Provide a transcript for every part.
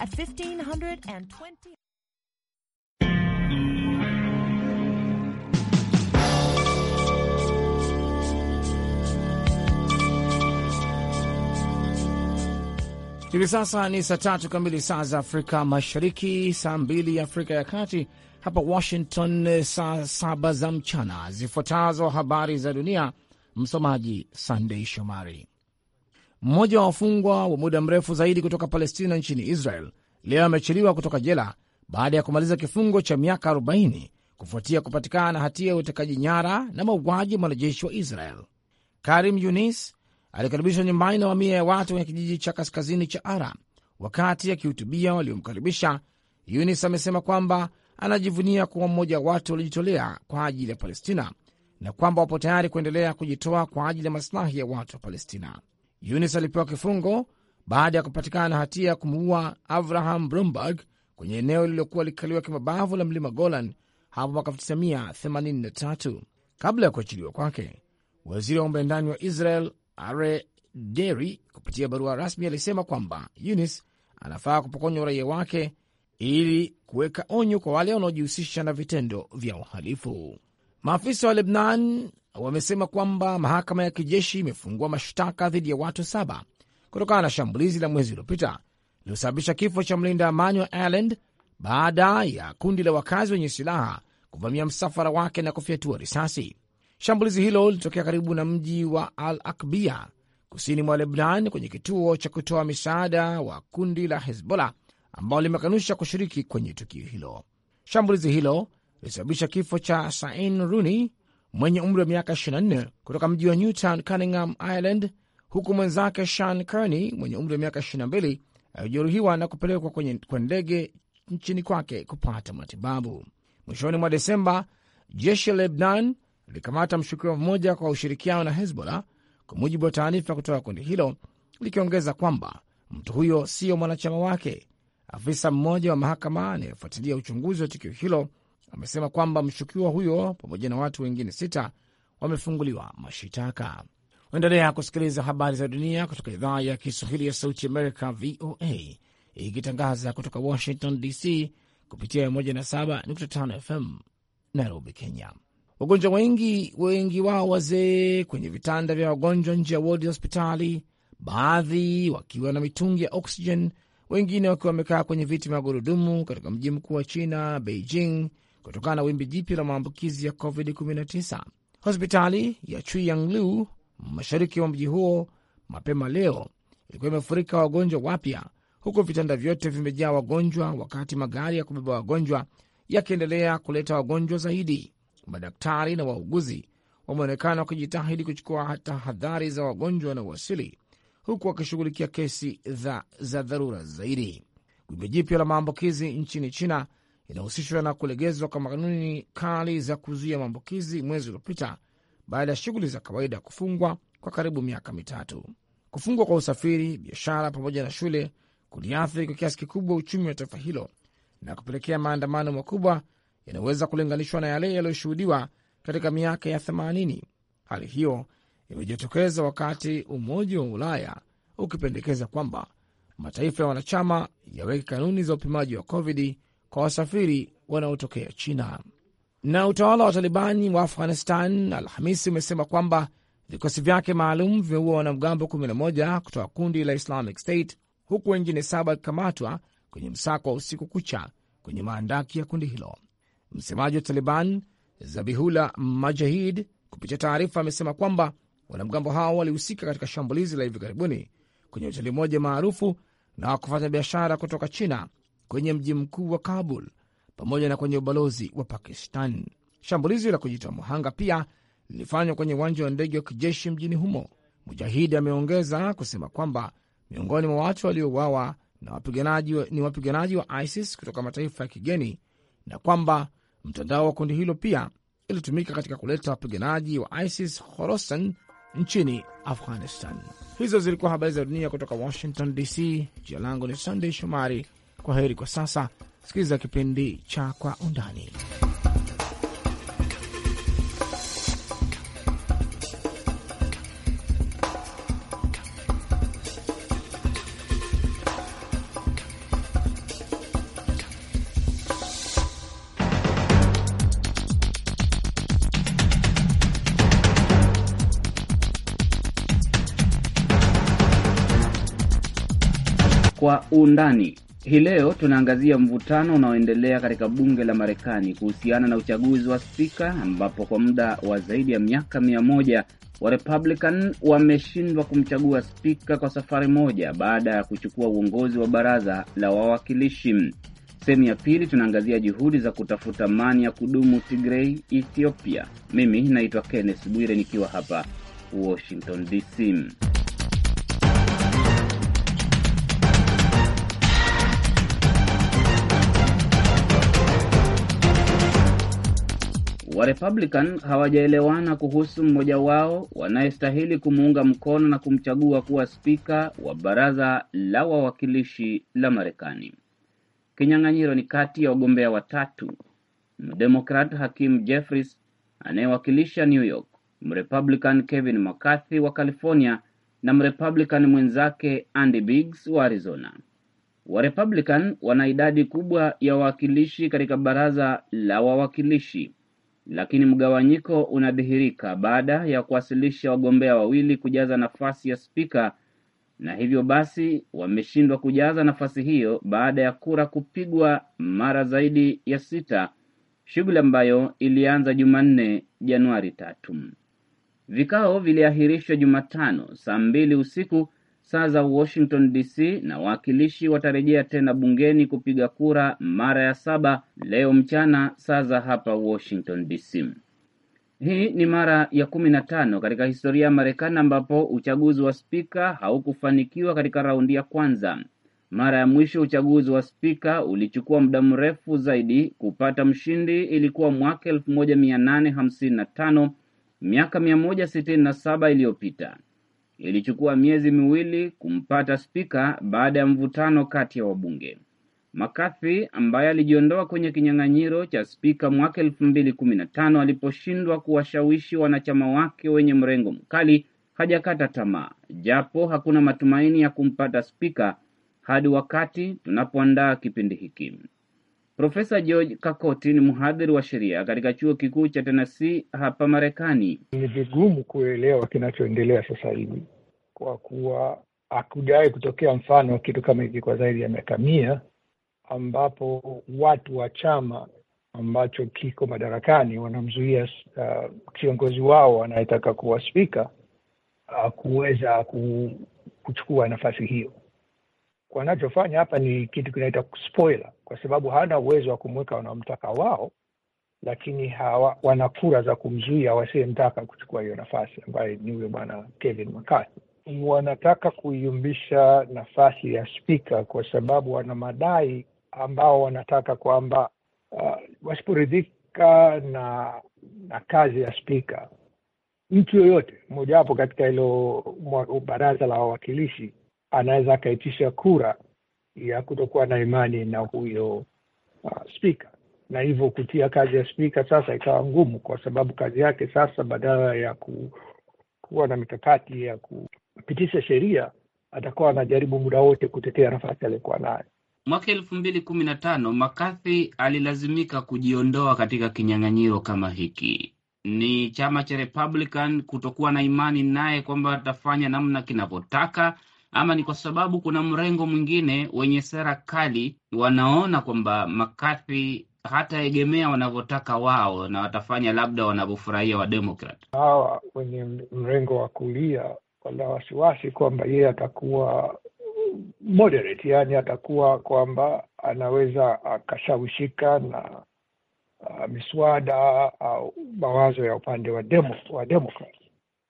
at 1520. Hivi sasa ni saa tatu kamili saa za Afrika Mashariki, saa mbili Afrika ya Kati, hapa Washington saa saba za mchana. Zifuatazo habari za dunia, msomaji Sandei Shomari. Mmoja wa wafungwa wa muda mrefu zaidi kutoka Palestina nchini Israel leo ameachiliwa kutoka jela baada ya kumaliza kifungo cha miaka 40 kufuatia kupatikana na hatia ya utekaji nyara na mauaji mwanajeshi wa Israel. Karim Yunis alikaribishwa nyumbani na mamia ya watu kwenye kijiji cha kaskazini cha Ara. Wakati akihutubia waliomkaribisha, Yunis amesema kwamba anajivunia kuwa mmoja wa watu waliojitolea kwa ajili ya Palestina na kwamba wapo tayari kuendelea kujitoa kwa ajili ya masilahi ya watu wa Palestina. Yunis alipewa kifungo baada ya kupatikana na hatia ya kumuua Avraham Bromberg kwenye eneo lililokuwa likikaliwa kimabavu la mlima Golan hapo mwaka 1983. Kabla ya kuachiliwa kwake, waziri wa mambo ya ndani wa Israel Are Deri kupitia barua rasmi alisema kwamba Yunis anafaa kupokonywa uraia wake ili kuweka onyo kwa wale wanaojihusisha na vitendo vya uhalifu. Maafisa wa Lebnan wamesema kwamba mahakama ya kijeshi imefungua mashtaka dhidi ya watu saba kutokana na shambulizi la mwezi uliopita lililosababisha kifo cha mlinda amani wa Ireland baada ya kundi la wakazi wenye silaha kuvamia msafara wake na kufyatua risasi. Shambulizi hilo lilitokea karibu na mji wa Al Akbia kusini mwa Lebnan, kwenye kituo cha kutoa misaada wa kundi la Hezbollah ambao limekanusha kushiriki kwenye tukio hilo. Shambulizi hilo lilisababisha kifo cha Sain Runi, mwenye umri wa miaka 24 kutoka mji wa Newtown, Cunningham, Ireland, huku mwenzake shan Kearney mwenye umri wa miaka 22 alijeruhiwa na kupelekwa kwa ndege nchini kwake kupata matibabu. Mwishoni mwa Desemba, jeshi la Lebnan lilikamata mshukiwa mmoja kwa ushirikiano na Hezbollah, kwa mujibu wa taarifa kutoka kundi hilo, likiongeza kwamba mtu huyo siyo mwanachama wake. Afisa mmoja wa mahakama anayefuatilia uchunguzi wa tukio hilo amesema kwamba mshukiwa huyo pamoja na watu wengine sita wamefunguliwa mashitaka. Endelea kusikiliza habari za dunia kutoka idhaa ya Kiswahili ya Sauti Amerika, VOA, ikitangaza kutoka Washington DC kupitia 107.5 FM Nairobi, Kenya. Wagonjwa wengi, wengi wao wazee, kwenye vitanda vya wagonjwa nje ya wodi ya hospitali, baadhi wakiwa na mitungi ya oksijeni, wengine wakiwa wamekaa kwenye viti vya magurudumu katika mji mkuu wa China, Beijing, kutokana na wimbi jipya la maambukizi ya COVID-19. Hospitali ya Chuiyangliu mashariki mwa mji huo mapema leo ilikuwa imefurika wagonjwa wapya, huku vitanda vyote vimejaa wagonjwa, wakati magari ya kubeba wagonjwa yakiendelea kuleta wagonjwa zaidi. Madaktari na wauguzi wameonekana wakijitahidi kuchukua tahadhari za wagonjwa wanaowasili, huku wakishughulikia kesi za, za dharura zaidi. Wimbi jipya la maambukizi nchini China inahusishwa na kulegezwa kwa kanuni kali za kuzuia maambukizi mwezi uliopita baada ya shughuli za kawaida kufungwa kwa karibu miaka mitatu. Kufungwa kwa usafiri, biashara pamoja na shule kuliathiri kwa kiasi kikubwa uchumi wa taifa hilo na kupelekea maandamano makubwa yanayoweza kulinganishwa na yale yaliyoshuhudiwa katika miaka ya 80. Hali hiyo imejitokeza wakati Umoja wa Ulaya ukipendekeza kwamba mataifa ya wanachama yaweke kanuni za upimaji wa COVID kwa wasafiri wanaotokea China. Na utawala wa Talibani wa Afghanistan Alhamisi umesema kwamba vikosi vyake maalum vimeua wanamgambo 11 kutoka kundi la Islamic State, huku wengine saba wakikamatwa kwenye msako wa usiku kucha kwenye maandaki ya kundi hilo. Msemaji wa Taliban Zabihullah Mujahid kupitia taarifa amesema kwamba wanamgambo hao walihusika katika shambulizi la hivi karibuni kwenye hoteli moja maarufu na biashara kutoka China kwenye mji mkuu wa Kabul pamoja na kwenye ubalozi wa Pakistan. Shambulizi la kujitoa muhanga pia lilifanywa kwenye uwanja wa ndege wa kijeshi mjini humo. Mujahidi ameongeza kusema kwamba miongoni mwa watu waliouawa na wapiganaji ni wapiganaji wa ISIS kutoka mataifa ya kigeni na kwamba mtandao wa kundi hilo pia ilitumika katika kuleta wapiganaji wa ISIS Khorasan nchini Afghanistan. Hizo zilikuwa habari za dunia kutoka Washington DC. Jina langu ni sandey Shomari. Kwa heri kwa sasa, sikiliza kipindi cha Kwa Undani. Kwa undani. Hii leo tunaangazia mvutano unaoendelea katika bunge la Marekani kuhusiana na uchaguzi wa spika, ambapo kwa muda wa zaidi ya miaka mia moja wa Republican wameshindwa kumchagua spika kwa safari moja baada ya kuchukua uongozi wa baraza la wawakilishi. Sehemu ya pili tunaangazia juhudi za kutafuta amani ya kudumu Tigrei, Ethiopia. Mimi naitwa Kenneth Bwire nikiwa hapa Washington DC. Republican hawajaelewana kuhusu mmoja wao wanayestahili kumuunga mkono na kumchagua kuwa spika wa baraza la wawakilishi la Marekani. Kinyang'anyiro ni kati ya wagombea watatu, mdemokrat Hakim Jeffries anayewakilisha New York, mrepublican Kevin McCarthy wa California na mrepublican mwenzake Andy Biggs wa Arizona. Warepublican wana idadi kubwa ya wawakilishi katika baraza la wawakilishi lakini mgawanyiko unadhihirika baada ya kuwasilisha wagombea wawili kujaza nafasi ya spika, na hivyo basi wameshindwa kujaza nafasi hiyo baada ya kura kupigwa mara zaidi ya sita, shughuli ambayo ilianza Jumanne, Januari tatu. Vikao viliahirishwa Jumatano saa mbili usiku saa za Washington DC na wawakilishi watarejea tena bungeni kupiga kura mara ya saba leo mchana saa za hapa Washington DC. Hii ni mara ya kumi na tano katika historia ya Marekani ambapo uchaguzi wa spika haukufanikiwa katika raundi ya kwanza. Mara ya mwisho uchaguzi wa spika ulichukua muda mrefu zaidi kupata mshindi ilikuwa mwaka 1855 miaka 167 iliyopita. Ilichukua miezi miwili kumpata spika baada ya mvutano kati ya wabunge. McCarthy ambaye alijiondoa kwenye kinyang'anyiro cha spika mwaka elfu mbili kumi na tano aliposhindwa kuwashawishi wanachama wake wenye mrengo mkali hajakata tamaa, japo hakuna matumaini ya kumpata spika hadi wakati tunapoandaa kipindi hiki. Profesa George Kakoti ni mhadhiri wa sheria katika chuo kikuu cha Tennessee hapa Marekani. Ni vigumu kuelewa kinachoendelea sasa hivi kwa kuwa hakujawahi kutokea mfano wa kitu kama hiki kwa zaidi ya miaka mia, ambapo watu wa chama ambacho kiko madarakani wanamzuia uh, kiongozi wao anayetaka kuwa spika uh, kuweza kuchukua nafasi hiyo wanachofanya hapa ni kitu kinaita spoiler, kwa sababu hawana uwezo wa kumweka wanaomtaka wao, lakini hawa wana kura za kumzuia wasiyemtaka kuchukua hiyo nafasi, ambaye ni huyo bwana Kevin McCarthy. Wanataka kuiumbisha nafasi ya spika kwa sababu wana madai ambao wanataka kwamba uh, wasiporidhika na, na kazi ya spika, mtu yoyote mmojawapo katika hilo baraza la wawakilishi anaweza akaitisha kura ya kutokuwa na imani na huyo uh, spika na hivyo kutia kazi ya spika sasa ikawa ngumu, kwa sababu kazi yake sasa, badala ya ku, kuwa na mikakati ya kupitisha sheria, atakuwa anajaribu muda wote kutetea nafasi aliyokuwa nayo. Mwaka elfu mbili kumi na tano McCarthy alilazimika kujiondoa katika kinyang'anyiro kama hiki. Ni chama cha Republican kutokuwa na imani naye kwamba atafanya namna kinavyotaka ama ni kwa sababu kuna mrengo mwingine wenye sera kali wanaona kwamba McCarthy hataegemea wanavyotaka wao na watafanya labda wanavyofurahia Wademokrat. Hawa wenye mrengo wa kulia wana wasiwasi kwamba yeye atakuwa moderate, yani atakuwa kwamba anaweza akashawishika na uh, miswada au mawazo ya upande wa demo, wa Demokrat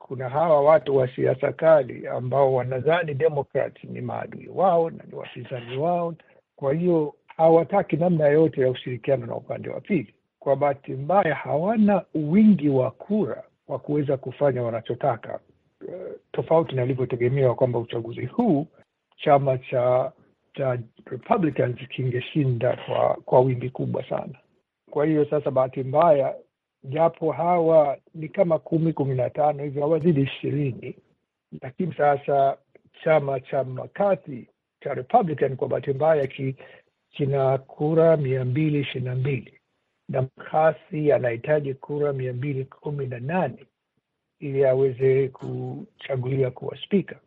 kuna hawa watu wa siasa kali ambao wanadhani Demokrat ni maadui wao na ni wapinzani wao, kwa hiyo hawataki namna yote ya ushirikiano na upande wa pili. Kwa bahati mbaya, hawana wingi wa kura wa kuweza kufanya wanachotaka, eh, tofauti na ilivyotegemewa kwamba uchaguzi huu chama cha cha Republicans kingeshinda kwa kwa wingi kubwa sana. Kwa hiyo sasa, bahati mbaya japo hawa ni kama kumi kumi na tano hivyo hawazidi ishirini lakini sasa chama cha makati cha republican kwa bahati mbaya ki, kina kura mia mbili ishirini na mbili na mkasi anahitaji kura mia mbili kumi na nane ili aweze kuchaguliwa kuwa spika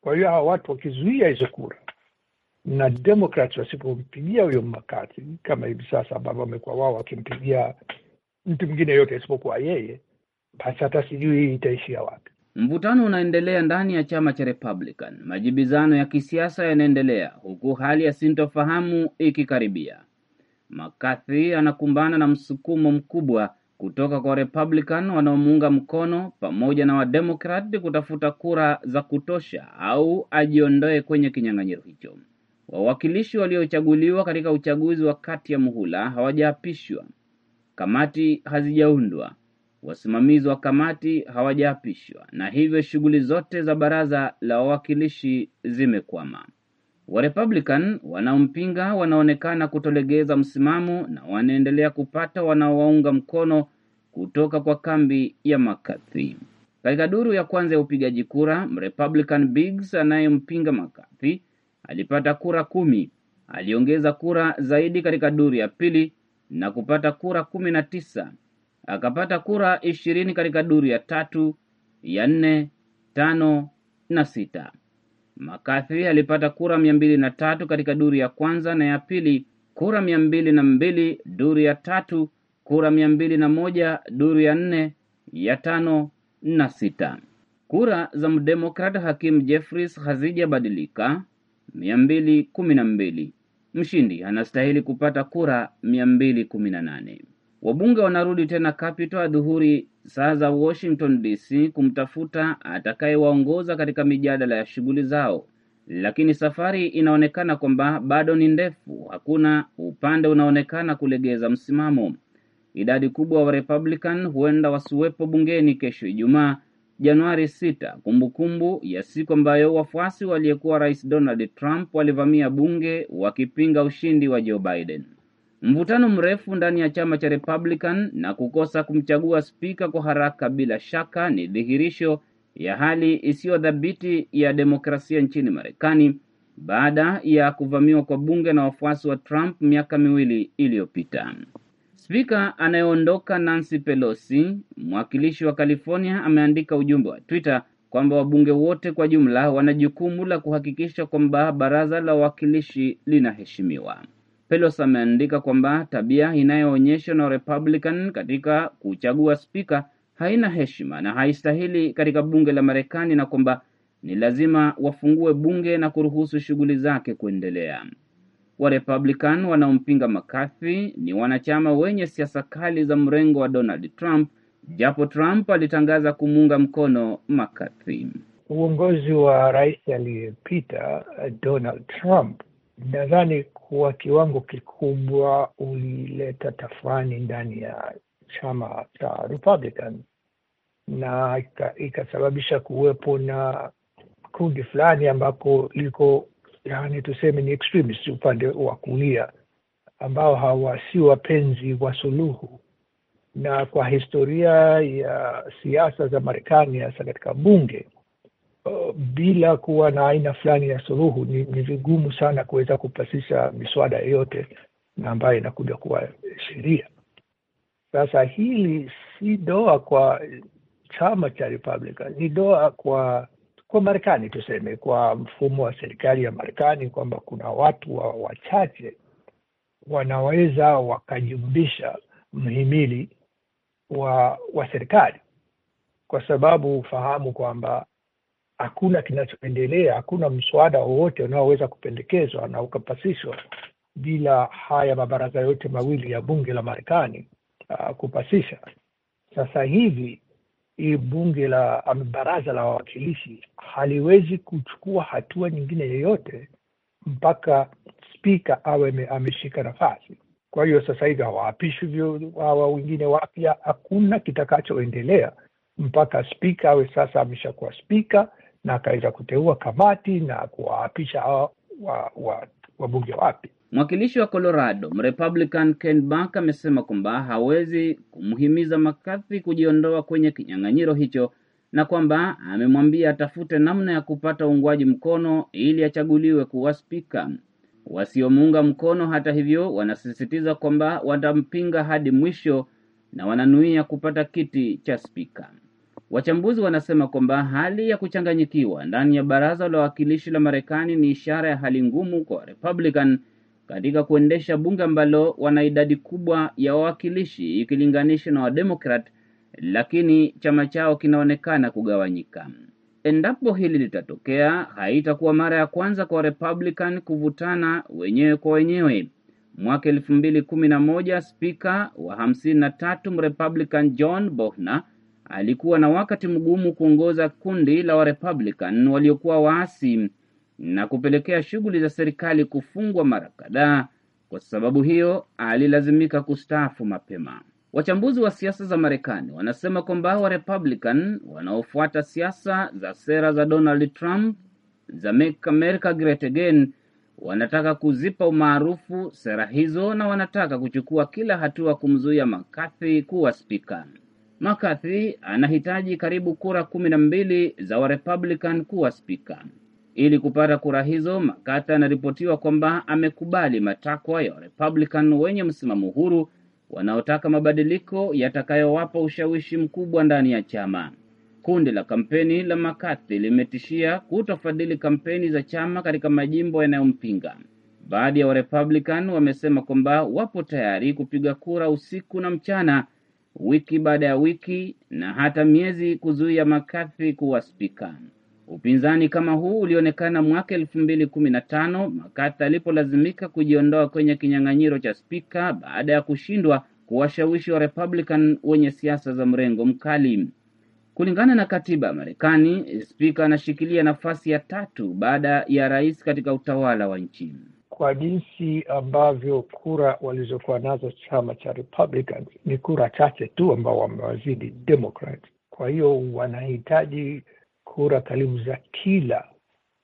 kwa hiyo hawa watu wakizuia hizo kura na demokrat wasipompigia huyo makati kama hivi sasa ambavyo wamekuwa wao wakimpigia mtu mwingine yoyote isipokuwa yeye, basi hata sijui itaishia wapi. Mvutano unaendelea ndani ya chama cha Republican. Majibizano ya kisiasa yanaendelea huku hali ya sintofahamu ikikaribia. McCarthy anakumbana na msukumo mkubwa kutoka kwa Republican wanaomuunga mkono pamoja na Wademokrat kutafuta kura za kutosha au ajiondoe kwenye kinyang'anyiro hicho. Wawakilishi waliochaguliwa katika uchaguzi wa kati ya muhula hawajaapishwa. Kamati hazijaundwa, wasimamizi wa kamati hawajaapishwa na hivyo shughuli zote za Baraza la Wawakilishi zimekwama. Warepublican wanaompinga wanaonekana kutolegeza msimamo na wanaendelea kupata wanaowaunga mkono kutoka kwa kambi ya McCarthy. Katika duru ya kwanza ya upigaji kura, Mrepublican Biggs anayempinga McCarthy alipata kura kumi. Aliongeza kura zaidi katika duru ya pili na kupata kura kumi na tisa akapata kura ishirini katika duru ya tatu, ya nne, tano na sita. makathi alipata kura mia mbili na tatu katika duru ya kwanza na ya pili, kura mia mbili na mbili duru ya tatu, kura mia mbili na moja duru ya nne, ya tano na sita. Kura za mdemokrat Hakim Jeffries hazijabadilika mia mbili kumi na mbili mshindi anastahili kupata kura 218. Wabunge wanarudi tena Capitol dhuhuri saa za Washington DC kumtafuta atakayewaongoza katika mijadala ya shughuli zao, lakini safari inaonekana kwamba bado ni ndefu. Hakuna upande unaonekana kulegeza msimamo. Idadi kubwa wa Republican huenda wasiwepo bungeni kesho Ijumaa Januari sita kumbukumbu ya siku ambayo wafuasi waliyekuwa Rais Donald Trump walivamia bunge wakipinga ushindi wa Joe Biden. Mvutano mrefu ndani ya chama cha Republican na kukosa kumchagua spika kwa haraka bila shaka ni dhihirisho ya hali isiyo dhabiti ya demokrasia nchini Marekani baada ya kuvamiwa kwa bunge na wafuasi wa Trump miaka miwili iliyopita. Spika anayeondoka Nancy Pelosi, mwakilishi wa California, ameandika ujumbe wa Twitter kwamba wabunge wote kwa jumla wana jukumu la kuhakikisha kwamba baraza la wawakilishi linaheshimiwa. Pelosi ameandika kwamba tabia inayoonyeshwa na Republican katika kuchagua spika haina heshima na haistahili katika bunge la Marekani na kwamba ni lazima wafungue bunge na kuruhusu shughuli zake kuendelea. Warepublican wanaompinga McCarthy ni wanachama wenye siasa kali za mrengo wa Donald Trump, japo Trump alitangaza kumuunga mkono McCarthy. Uongozi wa rais aliyepita eh, Donald Trump nadhani kwa kiwango kikubwa ulileta tafrani ndani ya chama cha Republican na ikasababisha kuwepo na kundi fulani ambapo liko yani tuseme ni extremist upande wa kulia ambao hawasi wapenzi wa suluhu na kwa historia ya siasa za marekani hasa katika bunge uh, bila kuwa na aina fulani ya suluhu ni, ni vigumu sana kuweza kupasisha miswada yoyote na ambayo inakuja kuwa sheria sasa hili si doa kwa chama cha republican ni doa kwa kwa Marekani tuseme, kwa mfumo wa serikali ya Marekani kwamba kuna watu wa wachache wanaweza wakajumbisha mhimili wa wa serikali, kwa sababu ufahamu kwamba hakuna kinachoendelea, hakuna mswada wowote unaoweza kupendekezwa na ukapasishwa bila haya mabaraza yote mawili ya bunge la Marekani uh, kupasisha. Sasa hivi hii bunge la baraza la wawakilishi haliwezi kuchukua hatua nyingine yoyote mpaka spika awe ameshika nafasi. Kwa hiyo sasa hivi hawaapishwi hawa wengine wapya, hakuna kitakachoendelea mpaka spika awe sasa ameshakuwa spika na akaweza kuteua kamati na kuwaapisha hawa wabunge wa, wa wapya. Mwakilishi wa Colorado mrepublican Ken Buck amesema kwamba hawezi kumhimiza McCarthy kujiondoa kwenye kinyang'anyiro hicho na kwamba amemwambia atafute namna ya kupata uungwaji mkono ili achaguliwe kuwa spika. Wasiomuunga mkono, hata hivyo, wanasisitiza kwamba watampinga hadi mwisho na wananuia kupata kiti cha spika. Wachambuzi wanasema kwamba hali ya kuchanganyikiwa ndani ya baraza la wawakilishi la Marekani ni ishara ya hali ngumu kwa Republican katika kuendesha bunge ambalo wana idadi kubwa ya wawakilishi ikilinganishwa na Wademokrat, lakini chama chao kinaonekana kugawanyika. Endapo hili litatokea, haitakuwa mara ya kwanza kwa Republican kuvutana wenyewe kwa wenyewe. Mwaka elfu mbili kumi na moja spika wa hamsini na tatu Mrepublican John bohna alikuwa na wakati mgumu kuongoza kundi la Warepublican waliokuwa waasi na kupelekea shughuli za serikali kufungwa mara kadhaa. Kwa sababu hiyo alilazimika kustaafu mapema. Wachambuzi wa siasa za Marekani wanasema kwamba wa Republican wanaofuata siasa za sera za Donald Trump za Make America Great Again wanataka kuzipa umaarufu sera hizo na wanataka kuchukua kila hatua kumzuia McCarthy kuwa spika. McCarthy anahitaji karibu kura kumi na mbili za Warepublican kuwa spika. Ili kupata kura hizo, Makata anaripotiwa kwamba amekubali matakwa ya Warepublican wenye msimamo huru wanaotaka mabadiliko yatakayowapa ushawishi mkubwa ndani ya chama. Kundi la kampeni la makathi limetishia kutofadhili kampeni za chama katika majimbo yanayompinga. Baadhi ya Warepublican wamesema kwamba wapo tayari kupiga kura usiku na mchana, wiki baada ya wiki na hata miezi, kuzuia makathi kuwa spika. Upinzani kama huu ulionekana mwaka elfu mbili kumi na tano Makata alipolazimika kujiondoa kwenye kinyang'anyiro cha spika baada ya kushindwa kuwashawishi wa Republican wenye siasa za mrengo mkali. Kulingana na katiba ya Marekani, spika anashikilia nafasi ya tatu baada ya rais katika utawala wa nchi. Kwa jinsi ambavyo kura walizokuwa nazo chama cha Republican ni kura chache tu ambao wamewazidi Democrat. Kwa hiyo wanahitaji kura karibu za kila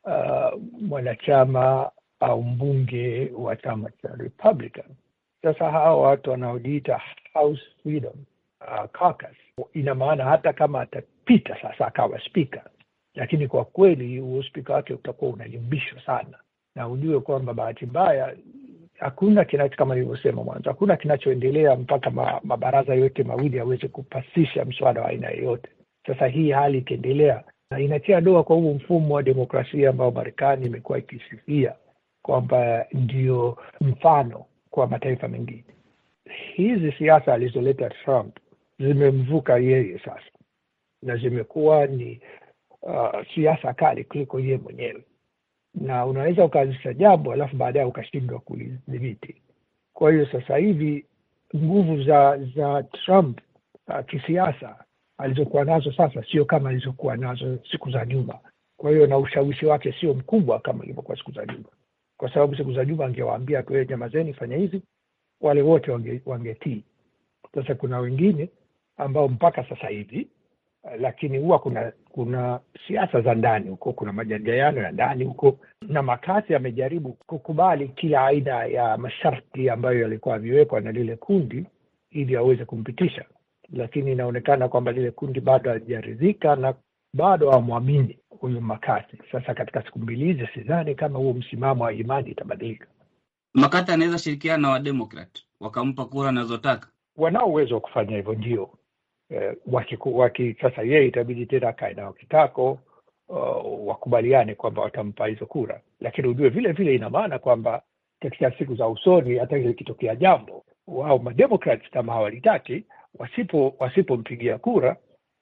uh, mwanachama au mbunge wa chama cha Republican. Sasa hawa watu wanaojiita House Freedom uh, Caucus, ina maana hata kama atapita sasa akawa spika, lakini kwa kweli uspika wake utakuwa unayumbishwa sana, na ujue kwamba bahati mbaya hakuna kinacho kama nilivyosema mwanzo, hakuna kinachoendelea mpaka ma, mabaraza yote mawili yaweze kupasisha mswada wa aina yoyote. Sasa hii hali ikiendelea, na inatia doa kwa huu mfumo wa demokrasia ambao Marekani imekuwa ikisifia kwamba ndio mfano kwa mataifa mengine. Hizi siasa alizoleta Trump zimemvuka yeye sasa, na zimekuwa ni uh, siasa kali kuliko yeye mwenyewe, na unaweza ukaanzisha jambo alafu baadaye ukashindwa kulidhibiti. Kwa hiyo sasa hivi nguvu za za Trump uh, kisiasa alizokuwa nazo sasa sio kama alizokuwa nazo siku za nyuma. Kwa hiyo na ushawishi wake sio mkubwa kama ilivyokuwa siku za nyuma, kwa sababu siku za nyuma angewaambia tu, nyamazeni, eh, fanya hivi, wale wote wangetii wange. Sasa kuna wengine ambao mpaka sasa hivi lakini huwa kuna kuna siasa za ndani huko, kuna majadiliano ya ndani huko, na makazi amejaribu kukubali kila aina ya masharti ambayo yalikuwa yamewekwa na lile kundi ili aweze kumpitisha lakini inaonekana kwamba lile kundi bado halijaridhika na bado hawamwamini huyu Makati. Sasa katika siku mbili hizi, sidhani kama huo msimamo wa imani itabadilika. Makati anaweza shirikiana na Wademokrat wakampa kura anazotaka, wanao uwezo wa kufanya hivyo, ndio eh, waki, waki, sasa yeye itabidi tena akae nao kitako uh, wakubaliane kwamba watampa hizo kura, lakini ujue vile vile ina maana kwamba katika siku za usoni hata ile ikitokea jambo wao mademokrat kama hawalitaki Wasipo wasipompigia kura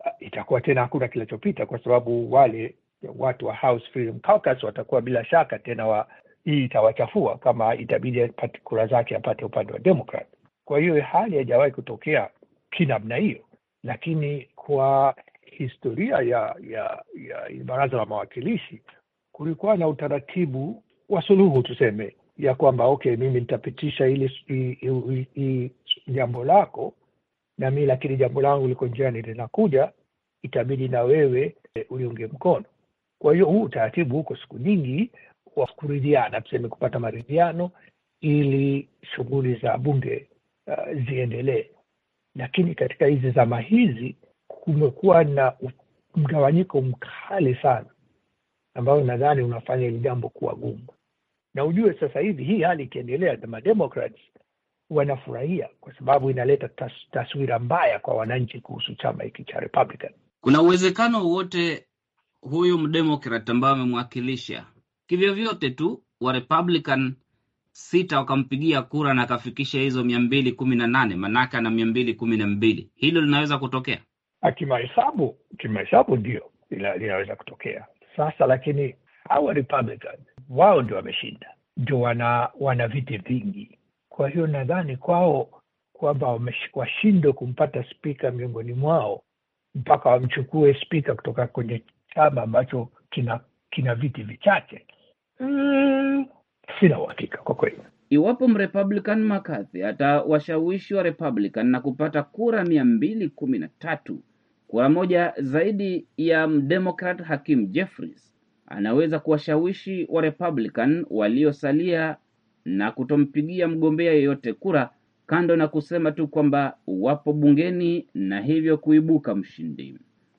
eh, itakuwa tena hakuna kinachopita, kwa sababu wale watu wa House Freedom Caucus watakuwa bila shaka tena wa, hii itawachafua kama itabidi apate kura zake apate upande wa Democrat. Kwa hiyo hali haijawahi kutokea kinamna hiyo, lakini kwa historia ya ya ya baraza la mawakilishi kulikuwa na utaratibu wa suluhu tuseme, ya kwamba okay, mimi nitapitisha ili jambo lako na mimi lakini jambo langu liko njiani linakuja, itabidi na wewe e, uliunge mkono. Kwa hiyo huu utaratibu huko siku nyingi wa kuridhiana, tuseme kupata maridhiano ili shughuli za bunge uh, ziendelee. Lakini katika hizi zama hizi kumekuwa na mgawanyiko mkali sana, ambayo nadhani unafanya hili jambo kuwa gumu. Na ujue sasa hivi hii hali ikiendelea, the Democrats wanafurahia kwa sababu inaleta tas, taswira mbaya kwa wananchi kuhusu chama hiki cha Republican. Kuna uwezekano wowote huyu mdemokrat ambaye amemwakilisha kivyo vyote tu wa Republican sita wakampigia kura na akafikisha hizo mia mbili kumi na nane manake ana mia mbili kumi na mbili Hilo linaweza kutokea kimahesabu, kimahesabu ndio linaweza kutokea sasa, lakini hawa Republican wao ndio wameshinda, ndio wana, wana viti vingi kwa hiyo nadhani kwao kwamba washindwe kumpata spika miongoni mwao mpaka wamchukue spika kutoka kwenye chama ambacho kina kina viti vichache. Mm, sina uhakika kwa kweli. Iwapo mrepublican McCarthy atawashawishi wa republican na kupata kura mia mbili kumi na tatu kura moja zaidi ya mdemokrat Hakim Jeffries, anaweza kuwashawishi wa republican waliosalia na kutompigia mgombea yeyote kura kando na kusema tu kwamba wapo bungeni na hivyo kuibuka mshindi.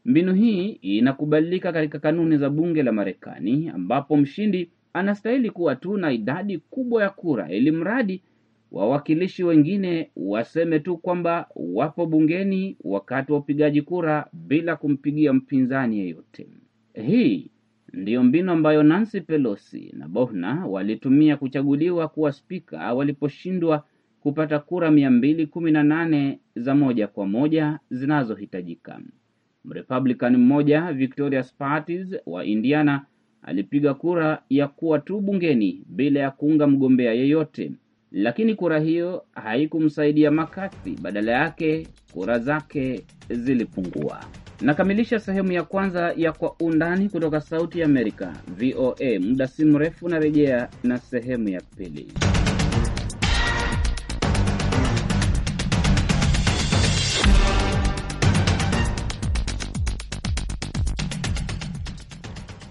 Mbinu hii inakubalika katika kanuni za bunge la Marekani ambapo mshindi anastahili kuwa tu na idadi kubwa ya kura ili mradi wawakilishi wengine waseme tu kwamba wapo bungeni wakati wa upigaji kura bila kumpigia mpinzani yeyote. Hii ndiyo mbinu ambayo Nancy Pelosi na Bohna walitumia kuchaguliwa kuwa spika waliposhindwa kupata kura 218 za moja kwa moja zinazohitajika. Mrepublican mmoja Victoria Spartis wa Indiana alipiga kura ya kuwa tu bungeni bila ya kuunga mgombea yeyote, lakini kura hiyo haikumsaidia McCarthy. Badala yake kura zake zilipungua. Nakamilisha sehemu ya kwanza ya Kwa Undani kutoka Sauti ya Amerika, VOA. Muda si mrefu narejea na sehemu ya pili.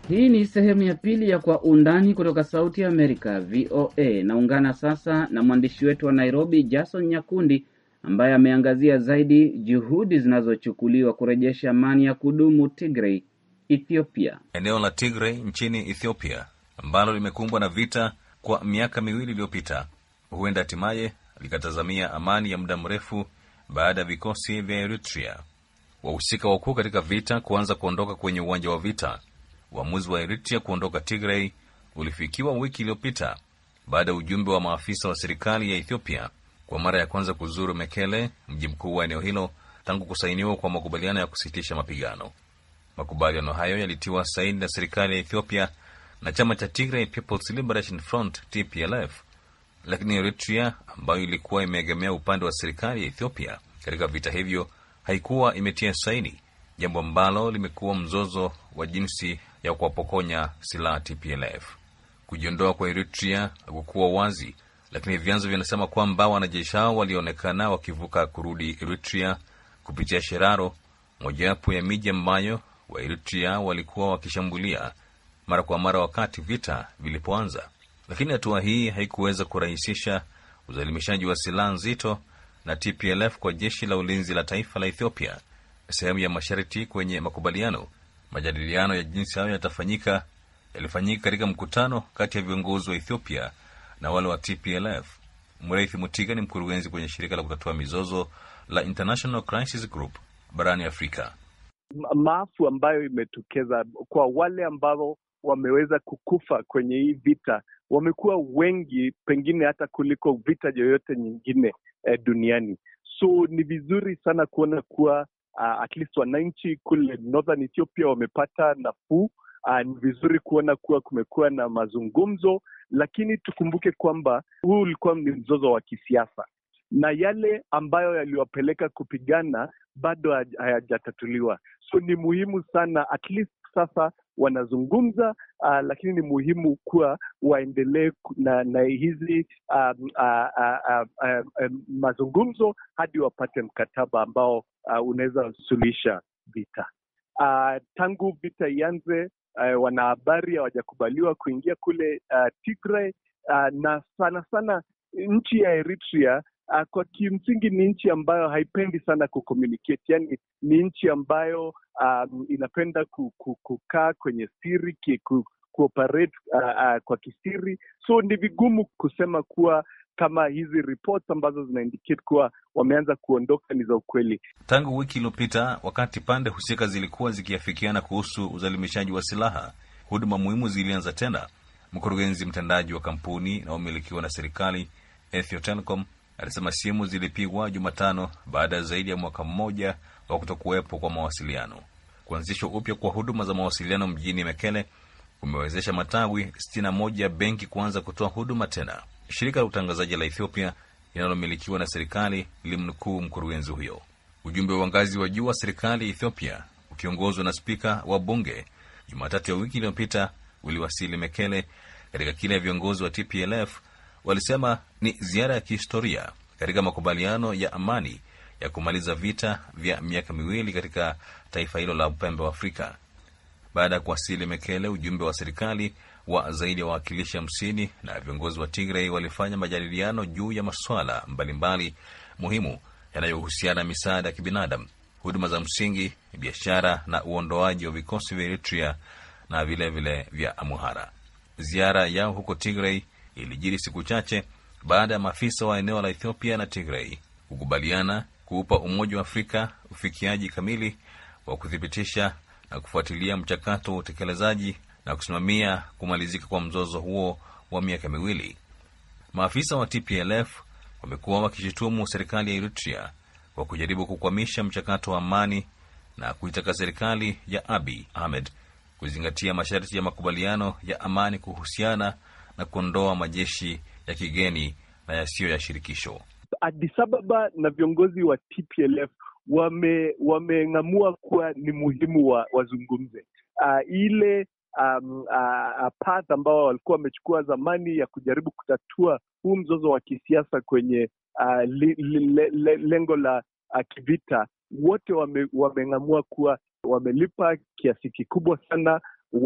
Hii ni sehemu ya pili ya Kwa Undani kutoka Sauti ya Amerika, VOA. Naungana sasa na mwandishi wetu wa Nairobi, Jason Nyakundi ambaye ameangazia zaidi juhudi zinazochukuliwa kurejesha amani ya kudumu Tigray, Ethiopia. Eneo la Tigray nchini Ethiopia ambalo limekumbwa na vita kwa miaka miwili iliyopita, huenda hatimaye likatazamia amani ya muda mrefu baada ya vikosi vya Eritrea, wahusika wakuu katika vita, kuanza kuondoka kwenye uwanja wa vita. Uamuzi wa Eritrea kuondoka Tigray ulifikiwa wiki iliyopita baada ya ujumbe wa maafisa wa serikali ya Ethiopia kwa mara ya kwanza kuzuru Mekele, mji mkuu wa eneo hilo, tangu kusainiwa kwa makubaliano ya kusitisha mapigano. Makubaliano hayo yalitiwa saini na serikali ya Ethiopia na chama cha Tigray People's Liberation Front TPLF, lakini Eritrea ambayo ilikuwa imeegemea upande wa serikali ya Ethiopia katika vita hivyo haikuwa imetia saini, jambo ambalo limekuwa mzozo wa jinsi ya kuwapokonya silaha TPLF. Kujiondoa kwa Eritrea hakukuwa wazi lakini vyanzo vinasema kwamba wanajeshi hao walionekana wakivuka kurudi Eritrea kupitia Sheraro, mojawapo ya miji ambayo Waeritrea walikuwa wakishambulia mara kwa mara wakati vita vilipoanza. Lakini hatua hii haikuweza kurahisisha uzalimishaji wa silaha nzito na TPLF kwa jeshi la ulinzi la taifa la Ethiopia. Sehemu ya masharti kwenye makubaliano. Majadiliano ya jinsi hayo yatafanyika yalifanyika katika mkutano kati ya viongozi wa Ethiopia na wale wa TPLF. Mreithi Mutiga ni mkurugenzi kwenye shirika la kutatua mizozo la International Crisis Group barani Afrika. Maafu ambayo imetokeza kwa wale ambao wameweza kukufa kwenye hii vita wamekuwa wengi, pengine hata kuliko vita yoyote nyingine eh, duniani. So ni vizuri sana kuona kuwa uh, at least wananchi kule northern Ethiopia wamepata nafuu uh, ni vizuri kuona kuwa kumekuwa na mazungumzo, lakini tukumbuke kwamba huu ulikuwa ni mzozo wa kisiasa na yale ambayo yaliwapeleka kupigana bado hayajatatuliwa. So ni muhimu sana at least sasa wanazungumza uh, lakini ni muhimu kuwa waendelee na, na hizi uh, uh, uh, uh, uh, mazungumzo hadi wapate mkataba ambao uh, unaweza suluhisha vita. Uh, tangu vita ianze uh, eh, wanahabari hawajakubaliwa kuingia kule uh, Tigray uh, na sana sana nchi ya Eritrea uh, kwa kimsingi ni nchi ambayo haipendi sana kucommunicate, yani ni nchi ambayo um, inapenda kukaa kwenye siri kiku, kuoperate uh, uh, kwa kisiri, so ni vigumu kusema kuwa kama hizi reports ambazo zinaindicate kuwa wameanza kuondoka ni za ukweli. Tangu wiki iliyopita, wakati pande husika zilikuwa zikiafikiana kuhusu uzalimishaji wa silaha, huduma muhimu zilianza tena. Mkurugenzi mtendaji wa kampuni inayomilikiwa na serikali Ethio Telecom alisema simu zilipigwa Jumatano baada ya zaidi ya mwaka mmoja wa kutokuwepo kwa mawasiliano. Kuanzishwa upya kwa huduma za mawasiliano mjini Mekele kumewezesha matawi 61 moja ya benki kuanza kutoa huduma tena shirika la utangazaji la Ethiopia linalomilikiwa na serikali limnukuu mkurugenzi huyo. Ujumbe wa ngazi wa juu wa serikali Ethiopia ukiongozwa na spika wa bunge Jumatatu ya wiki iliyopita uliwasili Mekele katika kile viongozi wa TPLF walisema ni ziara ya kihistoria katika makubaliano ya amani ya kumaliza vita vya miaka miwili katika taifa hilo la upembe wa Afrika. Baada ya kuwasili Mekele, ujumbe wa serikali wa zaidi ya wa wawakilishi hamsini na viongozi wa Tigrey walifanya majadiliano juu ya masuala mbalimbali muhimu yanayohusiana na misaada ya kibinadamu, huduma za msingi, biashara na uondoaji wa vikosi vya Eritrea na vilevile vile vya amuhara Ziara yao huko Tigrey ilijiri siku chache baada ya maafisa wa eneo la Ethiopia na Tigrey kukubaliana kuupa Umoja wa Afrika ufikiaji kamili wa kuthibitisha na kufuatilia mchakato wa utekelezaji na kusimamia kumalizika kwa mzozo huo wa miaka miwili. Maafisa wa TPLF wamekuwa wakishutumu serikali ya Eritrea kwa kujaribu kukwamisha mchakato wa amani na kuitaka serikali ya Abiy Ahmed kuzingatia masharti ya makubaliano ya amani kuhusiana na kuondoa majeshi ya kigeni na yasiyo ya shirikisho. Addis Ababa na viongozi wa TPLF wame wameng'amua kuwa ni muhimu wa, wazungumze. Uh, ile um, uh, path ambao walikuwa wamechukua zamani ya kujaribu kutatua huu mzozo wa kisiasa kwenye uh, li, li, le, le, lengo la uh, kivita, wote wame, wameng'amua kuwa wamelipa kiasi kikubwa sana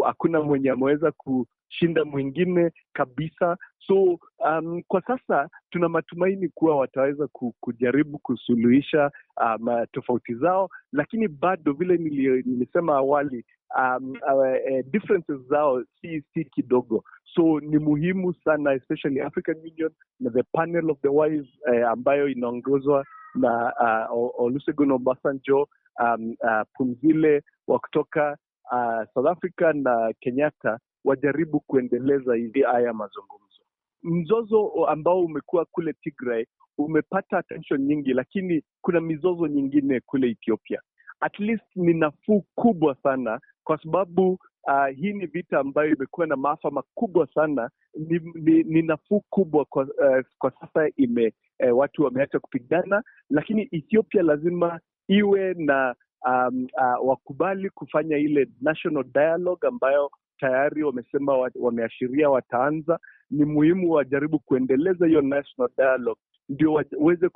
hakuna mwenye ameweza kushinda mwingine kabisa. So um, kwa sasa tuna matumaini kuwa wataweza kujaribu kusuluhisha um, uh, tofauti zao, lakini bado vile nilisema awali um, uh, eh, differences zao si si kidogo. So ni muhimu sana especially African Union na the panel of the wise eh, ambayo inaongozwa na uh, Olusegun Obasanjo um, uh, Pumzile wa kutoka uh, South Africa na Kenyatta wajaribu kuendeleza hivi haya mazungumzo. Mzozo ambao umekuwa kule Tigray umepata attention nyingi, lakini kuna mizozo nyingine kule Ethiopia. At least ni nafuu kubwa sana kwa sababu uh, hii ni vita ambayo imekuwa na maafa makubwa sana. Ni, ni, ni nafuu kubwa kwa, uh, kwa sasa ime uh, watu wameacha kupigana, lakini Ethiopia lazima iwe na um, uh, wakubali kufanya ile national dialogue ambayo tayari wamesema wameashiria wataanza. Ni muhimu wajaribu kuendeleza hiyo national dialogue ndio waweze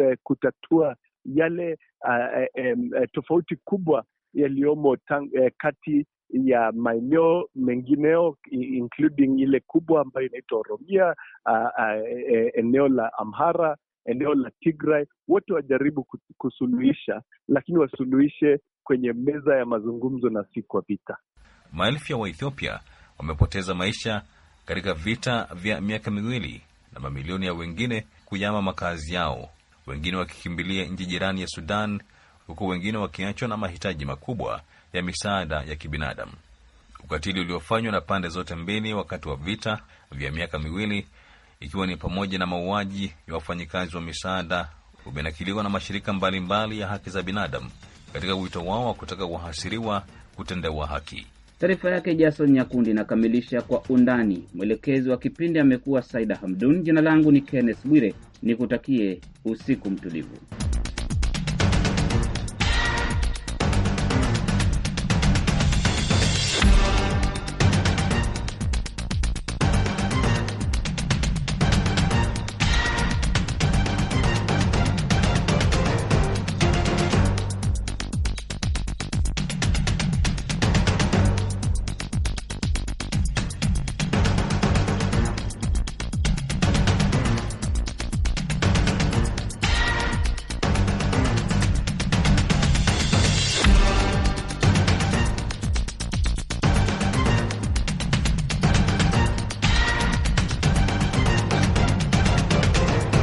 eh, kutatua yale uh, eh, eh, eh tofauti kubwa yaliyomo eh, kati ya maeneo mengineo including ile kubwa ambayo inaitwa Oromia, uh, uh, eh, eh, eneo la Amhara eneo la Tigray, wote wajaribu kusuluhisha, lakini wasuluhishe kwenye meza ya mazungumzo na si kwa vita. Maelfu ya Waethiopia wamepoteza maisha katika vita vya miaka miwili na mamilioni ya wengine kuyama makazi yao, wengine wakikimbilia nchi jirani ya Sudan, huku wengine wakiachwa na mahitaji makubwa ya misaada ya kibinadamu. Ukatili uliofanywa na pande zote mbili wakati wa vita vya miaka miwili ikiwa ni pamoja na mauaji ya wafanyikazi wa misaada umenakiliwa na mashirika mbalimbali mbali ya haki za binadamu katika wito wao wa kutaka wahasiriwa kutendewa haki. Taarifa yake Jason Nyakundi inakamilisha kwa undani. Mwelekezi wa kipindi amekuwa Saida Hamdun. Jina langu ni Kenneth Bwire, nikutakie usiku mtulivu.